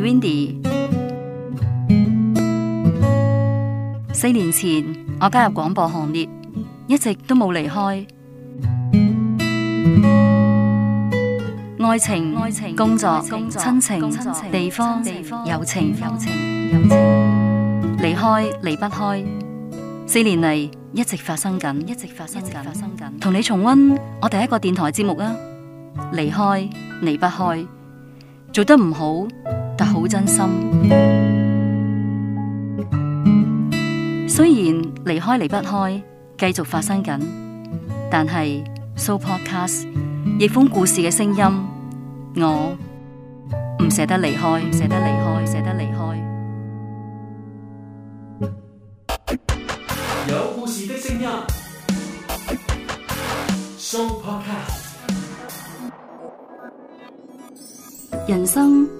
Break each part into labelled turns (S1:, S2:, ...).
S1: Windy，四年前我加入廣播行列，一直都冇離開。愛情、工作、親情、地方、友情，離開離不開。四年嚟，一直發生緊，一直發生緊，同你重溫我第一個電台節目啊！離開離不開，做得唔好。好真心，雖然離開離不開，繼續發生緊，但係 Show Podcast 逆風故事嘅聲音，我唔捨得離開，捨得離開，捨得離開。有故事的聲音，Show Podcast，人生。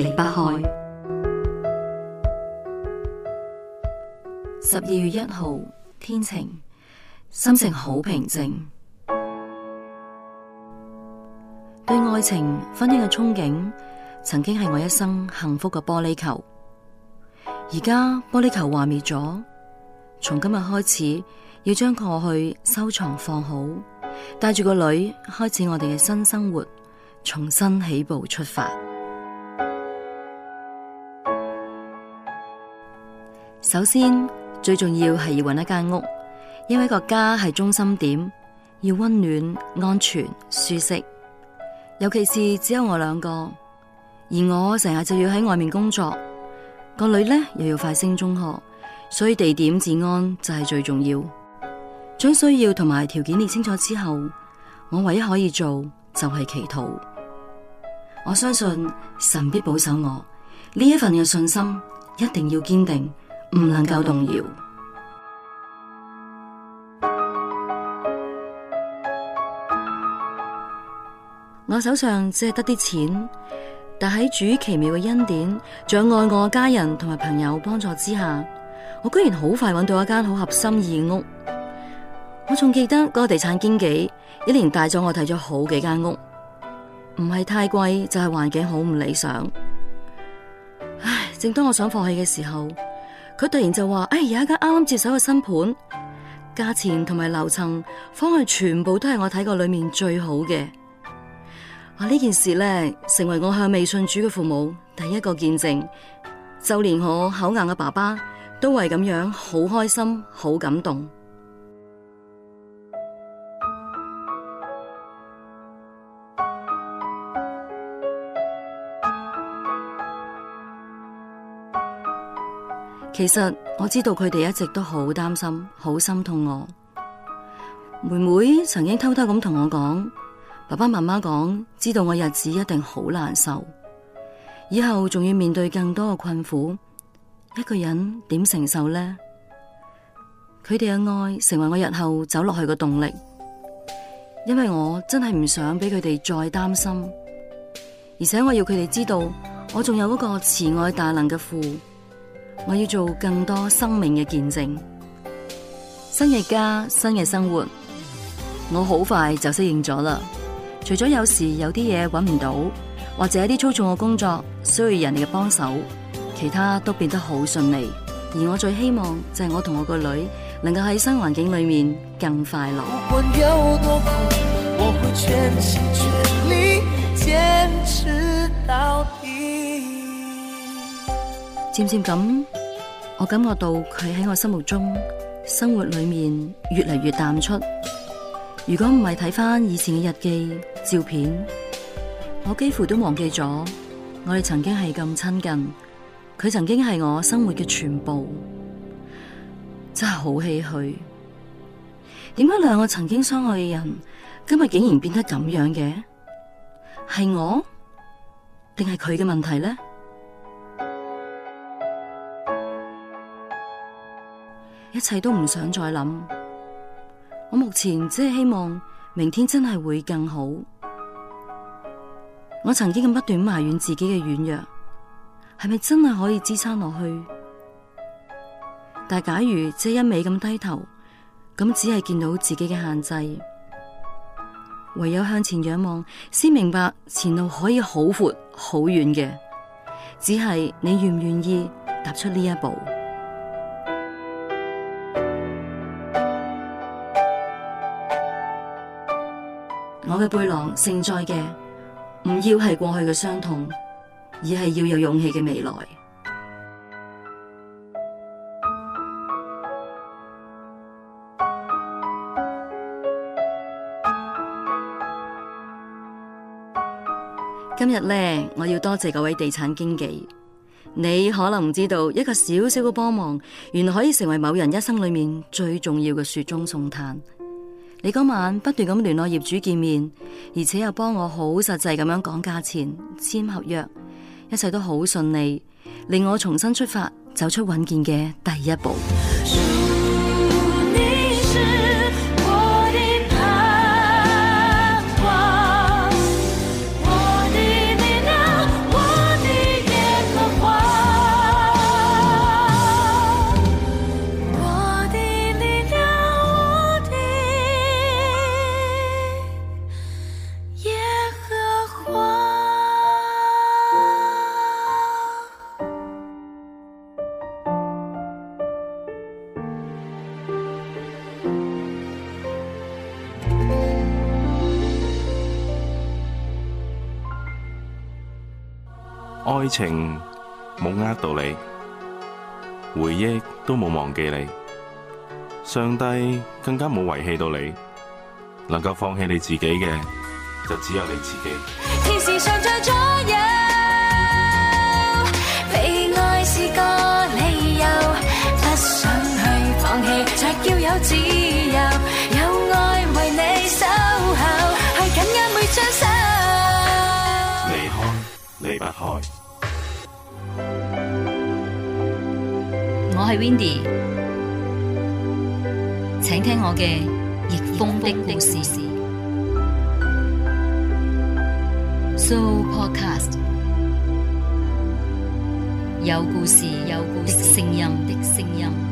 S1: 離不開。十二月一號，天晴，心情好平靜。對愛情、婚姻嘅憧憬，曾經係我一生幸福嘅玻璃球。而家玻璃球幻滅咗，從今日開始，要將過去收藏放好，帶住個女，開始我哋嘅新生活，重新起步出發。首先最重要係要揾一間屋，因為個家係中心點，要溫暖、安全、舒適。尤其是只有我兩個，而我成日就要喺外面工作，個女呢又要快升中學，所以地點治安就係最重要。將需要同埋條件列清楚之後，我唯一可以做就係祈禱。我相信神必保守我，呢一份嘅信心一定要堅定。唔能夠動搖。 我手上只係得啲錢，但喺主奇妙嘅恩典、最愛我嘅家人同埋朋友幫助之下，我居然好快揾到一間好合心意嘅屋。我仲記得嗰個地產經紀，一年帶咗我睇咗好幾間屋，唔係太貴，就係、是、環境好唔理想。唉，正當我想放棄嘅時候，佢突然就話，哎，有一間啱啱接手嘅新盤，價錢同埋樓層，方向全部都係我睇過裏面最好嘅。啊，呢件事咧，成為我向未信主嘅父母第一個見證，就連我口硬嘅爸爸都這，都為咁樣好開心，好感動。其實我知道佢哋一直都好擔心，好心痛我。妹妹曾經偷偷咁同我講，爸爸媽媽講，知道我日子一定好難受，以後仲要面對更多嘅困苦，一個人點承受呢？佢哋嘅愛成為我日後走落去嘅動力，因為我真係唔想俾佢哋再擔心，而且我要佢哋知道，我仲有一個慈愛大能嘅父。我要做更多生命嘅見證，新嘅家，新嘅生活，我好快就適應咗啦。除咗有時有啲嘢搵唔到，或者一啲粗重嘅工作需要人哋嘅幫手，其他都變得好順利。而我最希望就係我同我個女能夠喺新環境裏面更快樂。不管有多苦，我會全心全力堅持到底。漸漸咁，我感覺到佢喺我心目中、生活裏面越嚟越淡出。如果唔係睇返以前嘅日記、照片，我幾乎都忘記咗我哋曾經係咁親近，佢曾經係我生活嘅全部，真係好唏嘘。點解兩個曾經相愛嘅人，今日竟然變得咁樣嘅？係我定係佢嘅問題呢？一切都唔想再諗，我目前只係希望明天真係會更好。我曾經咁不斷埋怨自己嘅軟弱，係咪真係可以支撐落去？但係假如即一味咁低頭，咁只係見到自己嘅限制。唯有向前仰望，先明白前路可以好闊好遠嘅，只係你願唔願意踏出呢一步？嘅背囊承載嘅唔要係過去嘅傷痛，而係要有勇氣嘅未來。今日呢，我要多謝各位地產經紀，你可能唔知道，一個小小嘅幫忙，原來可以成為某人一生裏面最重要嘅雪中送炭。你嗰晚不斷咁聯絡業主見面，而且又幫我好實際咁樣講價錢、簽合約，一切都好順利，令我重新出發，走出穩健嘅第一步。愛情冇呃到你，回憶都冇忘記你，上帝更加冇遺棄到你，能夠放棄你自己嘅，就只有你自己。離不開。我係 Windy，請聽我嘅逆風的故事史。So podcast 有故事，有故事聲音的聲音。